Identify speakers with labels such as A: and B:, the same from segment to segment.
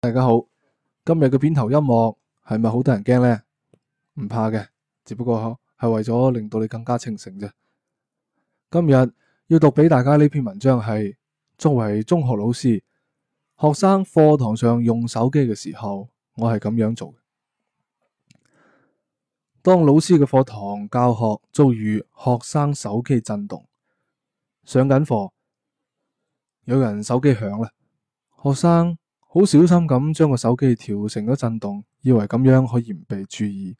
A: 大家好，今日嘅片頭音樂係咪好多人驚呢？唔怕嘅，只不過係為咗令到你更加清醒啫。今日要讀俾大家呢篇文章係，作為中學老師，學生課堂上用手機嘅時候，我係咁樣做嘅。當老師嘅課堂教學遭遇，學生手機震動，上緊課有人手機響啦，學生。好小心咁將個手機調成咗震動，以為咁樣可以唔被注意，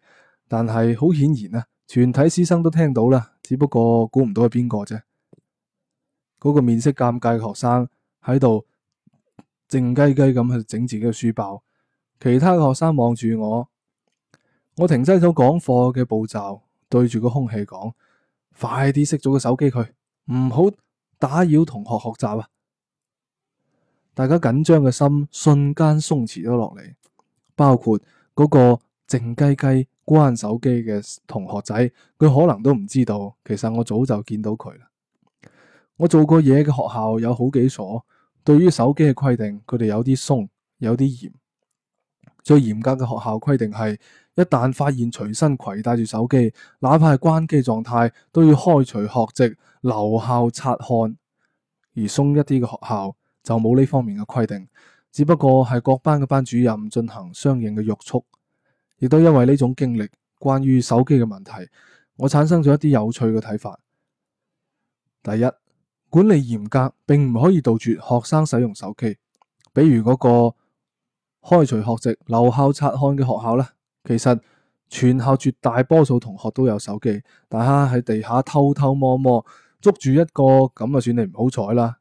A: 但係好顯然啦、啊，全體師生都聽到啦，只不過估唔到係邊個啫。嗰、那個面色尷尬嘅學生喺度靜雞雞咁去整自己嘅書包，其他嘅學生望住我，我停低咗講課嘅步驟，對住個空氣講，快啲熄咗個手機佢，唔好打擾同學學習啊！大家緊張嘅心瞬間鬆弛咗落嚟，包括嗰個靜雞雞關手機嘅同學仔，佢可能都唔知道，其實我早就見到佢啦。我做過嘢嘅學校有好幾所，對於手機嘅規定，佢哋有啲鬆，有啲嚴。最嚴格嘅學校規定係，一旦發現隨身攜帶住手機，哪怕係關機狀態，都要開除學籍、留校察看。而鬆一啲嘅學校，就冇呢方面嘅規定，只不過係各班嘅班主任進行相應嘅約束，亦都因為呢種經歷，關於手機嘅問題，我產生咗一啲有趣嘅睇法。第一，管理嚴格並唔可以杜絕學生使用手機，比如嗰個開除學籍留校察看嘅學校咧，其實全校絕大多數同學都有手機，大家喺地下偷偷摸摸，捉住一個咁啊，就算你唔好彩啦。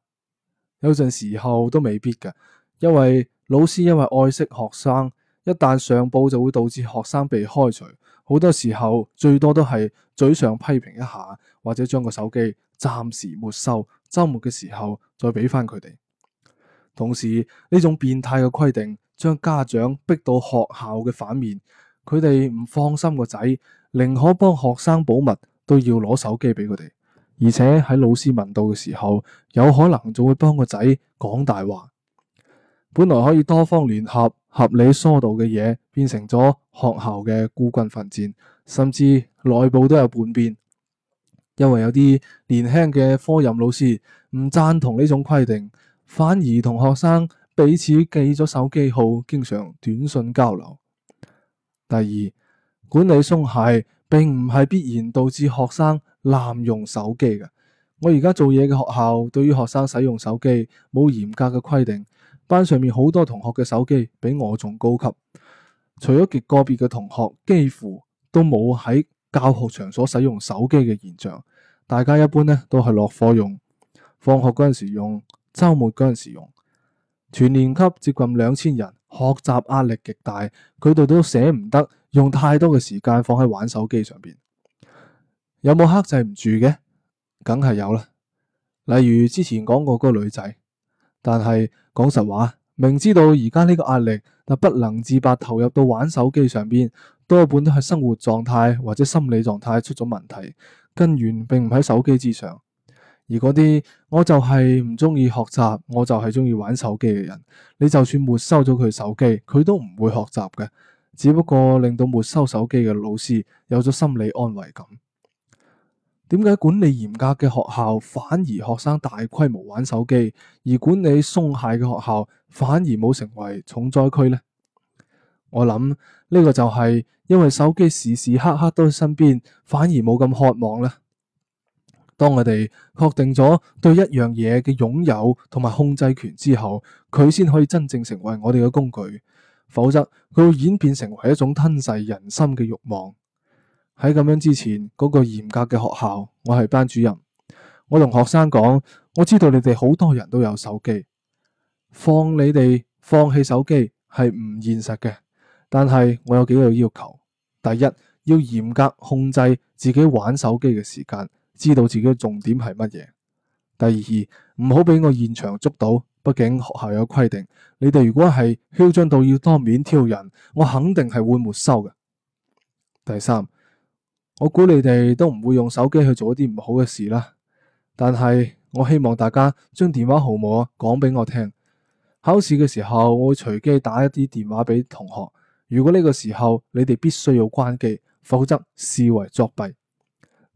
A: 有陣時候都未必嘅，因為老師因為愛惜學生，一旦上報就會導致學生被開除。好多時候最多都係嘴上批評一下，或者將個手機暫時沒收，周末嘅時候再俾翻佢哋。同時呢種變態嘅規定，將家長逼到學校嘅反面，佢哋唔放心個仔，寧可幫學生保密，都要攞手機俾佢哋。而且喺老師問到嘅時候，有可能就會幫個仔講大話。本來可以多方聯合、合理疏導嘅嘢，變成咗學校嘅孤軍奮戰，甚至內部都有叛變，因為有啲年輕嘅科任老師唔贊同呢種規定，反而同學生彼此記咗手機號，經常短信交流。第二，管理鬆懈。並唔係必然導致學生濫用手機嘅。我而家做嘢嘅學校對於學生使用手機冇嚴格嘅規定，班上面好多同學嘅手機比我仲高級。除咗極個別嘅同學，幾乎都冇喺教學場所使用手機嘅現象。大家一般咧都係落課用，放學嗰陣時用，周末嗰陣時用。全年級接近兩千人。學習壓力極大，佢哋都捨唔得，用太多嘅時間放喺玩手機上邊，有冇克制唔住嘅？梗係有啦，例如之前講過嗰個女仔。但係講實話，明知道而家呢個壓力，但不能自拔投入到玩手機上邊，多半都係生活狀態或者心理狀態出咗問題，根源並唔喺手機之上。而嗰啲我就係唔中意學習，我就係中意玩手機嘅人。你就算沒收咗佢手機，佢都唔會學習嘅。只不過令到沒收手機嘅老師有咗心理安慰感。點解管理嚴格嘅學校反而學生大規模玩手機，而管理鬆懈嘅學校反而冇成為重災區呢？我諗呢個就係因為手機時時刻刻都喺身邊，反而冇咁渴望啦。當我哋確定咗對一樣嘢嘅擁有同埋控制權之後，佢先可以真正成為我哋嘅工具。否則佢會演變成為一種吞噬人心嘅慾望。喺咁樣之前，嗰個嚴格嘅學校，我係班主任，我同學生講，我知道你哋好多人都有手機，放你哋放棄手機係唔現實嘅。但係我有幾個要求：第一，要嚴格控制自己玩手機嘅時間。知道自己嘅重點係乜嘢。第二，唔好俾我現場捉到，畢竟學校有規定。你哋如果係囂張到要當面挑人，我肯定係會沒收嘅。第三，我估你哋都唔會用手機去做一啲唔好嘅事啦。但係我希望大家將電話號碼講俾我聽。考試嘅時候我會隨機打一啲電話俾同學，如果呢個時候你哋必須要關機，否則視為作弊。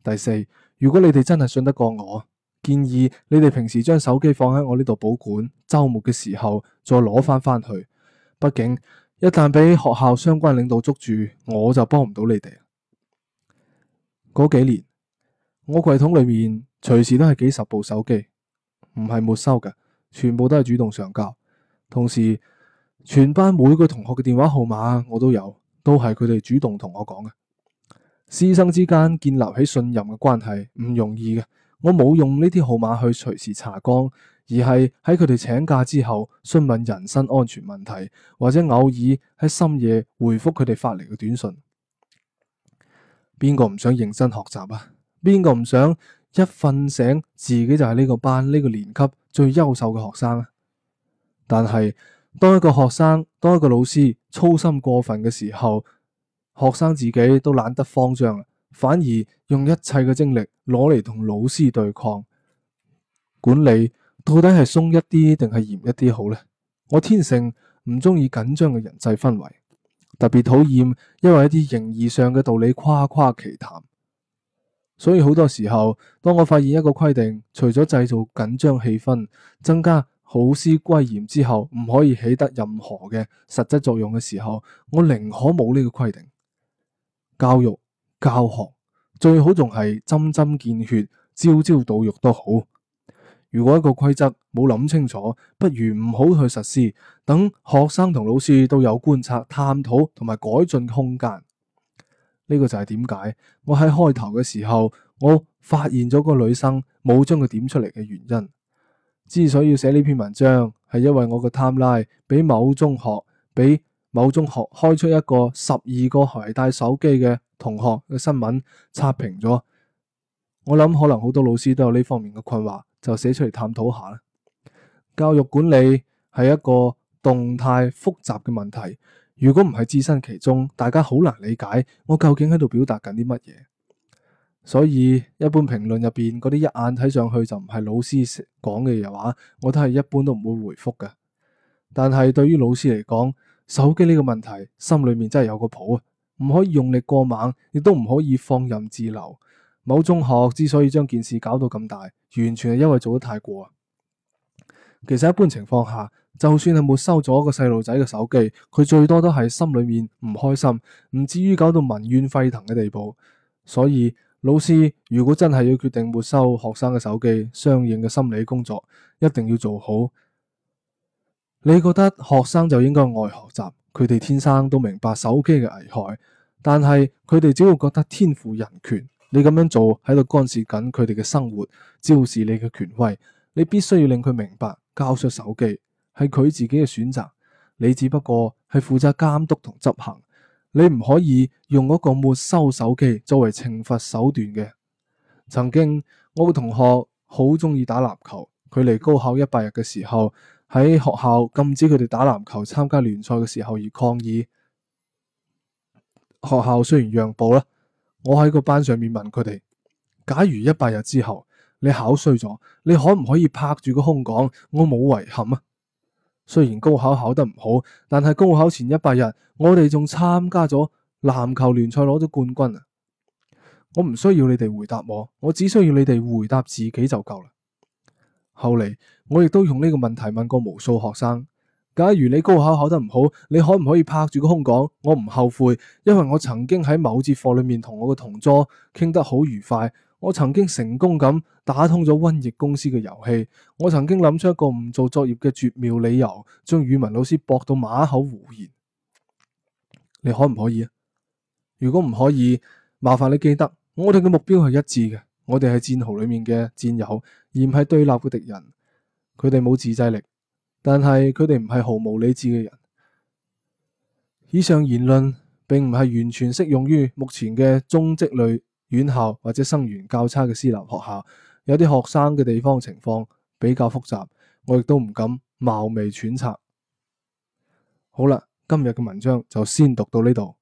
A: 第四。如果你哋真係信得過我，建議你哋平時將手機放喺我呢度保管，周末嘅時候再攞翻翻去。畢竟一旦俾學校相關領導捉住，我就幫唔到你哋。嗰幾年，我櫃桶裏面隨時都係幾十部手機，唔係沒收嘅，全部都係主動上交。同時，全班每個同學嘅電話號碼我都有，都係佢哋主動同我講嘅。師生之間建立起信任嘅關係唔容易嘅，我冇用呢啲號碼去隨時查崗，而係喺佢哋請假之後詢問人身安全問題，或者偶爾喺深夜回覆佢哋發嚟嘅短信。邊個唔想認真學習啊？邊個唔想一瞓醒自己就係呢個班呢個年級最優秀嘅學生啊？但係當一個學生，當一個老師操心過分嘅時候。學生自己都懶得慌張，反而用一切嘅精力攞嚟，同老師對抗。管理到底係鬆一啲定係嚴一啲好呢？我天性唔中意緊張嘅人際氛圍，特別討厭因為一啲形而上嘅道理誇誇其談。所以好多時候，當我發現一個規定除咗製造緊張氣氛、增加好師歸嚴之後，唔可以起得任何嘅實質作用嘅時候，我寧可冇呢個規定。教育教學最好仲係針針見血、朝朝到肉都好。如果一個規則冇諗清楚，不如唔好去實施，等學生同老師都有觀察、探討同埋改進空間。呢個就係點解我喺開頭嘅時候，我發現咗個女生冇將佢點出嚟嘅原因。之所以要寫呢篇文章，係因為我個 timeline 俾某中學俾。某中學開除一個十二個攜帶手機嘅同學嘅新聞，刷屏咗。我諗可能好多老師都有呢方面嘅困惑，就寫出嚟探討下啦。教育管理係一個動態複雜嘅問題，如果唔係置身其中，大家好難理解我究竟喺度表達緊啲乜嘢。所以一般評論入邊嗰啲一眼睇上去就唔係老師講嘅嘢話，我都係一般都唔會回覆嘅。但係對於老師嚟講，手機呢個問題心裏面真係有個譜啊，唔可以用力過猛，亦都唔可以放任自流。某中學之所以將件事搞到咁大，完全係因為做得太過啊。其實一般情況下，就算係沒收咗個細路仔嘅手機，佢最多都係心裏面唔開心，唔至於搞到民怨沸騰嘅地步。所以老師如果真係要決定沒收學生嘅手機，相應嘅心理工作一定要做好。你覺得學生就應該愛學習，佢哋天生都明白手機嘅危害，但係佢哋只會覺得天賦人權。你咁樣做喺度干涉緊佢哋嘅生活，昭示你嘅權威。你必須要令佢明白交出手機係佢自己嘅選擇，你只不過係負責監督同執行。你唔可以用嗰個沒收手機作為懲罰手段嘅。曾經我個同學好鍾意打籃球，佢離高考一百日嘅時候，喺學校禁止佢哋打籃球參加聯賽嘅時候而抗議，學校雖然讓步啦，我喺個班上面問佢哋：假如一百日之後你考衰咗，你可唔可以拍住個胸講我冇遺憾啊？雖然高考考得唔好，但係高考前一百日我哋仲參加咗籃球聯賽攞咗冠軍啊！我唔需要你哋回答我，我只需要你哋回答自己就夠啦。後嚟，我亦都用呢個問題問過無數學生。假如你高考考得唔好，你可唔可以拍住個胸講？我唔後悔，因為我曾經喺某節課裏面同我個同桌傾得好愉快。我曾經成功咁打通咗瘟疫公司嘅遊戲。我曾經諗出一個唔做作業嘅絕妙理由，將語文老師駁到啞口無言。你可唔可以？如果唔可以，麻煩你記得，我哋嘅目標係一致嘅。我哋係戰壕裏面嘅戰友，而唔係對立嘅敵人。佢哋冇自制力，但係佢哋唔係毫無理智嘅人。以上言論並唔係完全適用於目前嘅中職類院校或者生源較差嘅私立學校。有啲學生嘅地方情況比較複雜，我亦都唔敢冒昧揣測。好啦，今日嘅文章就先讀到呢度。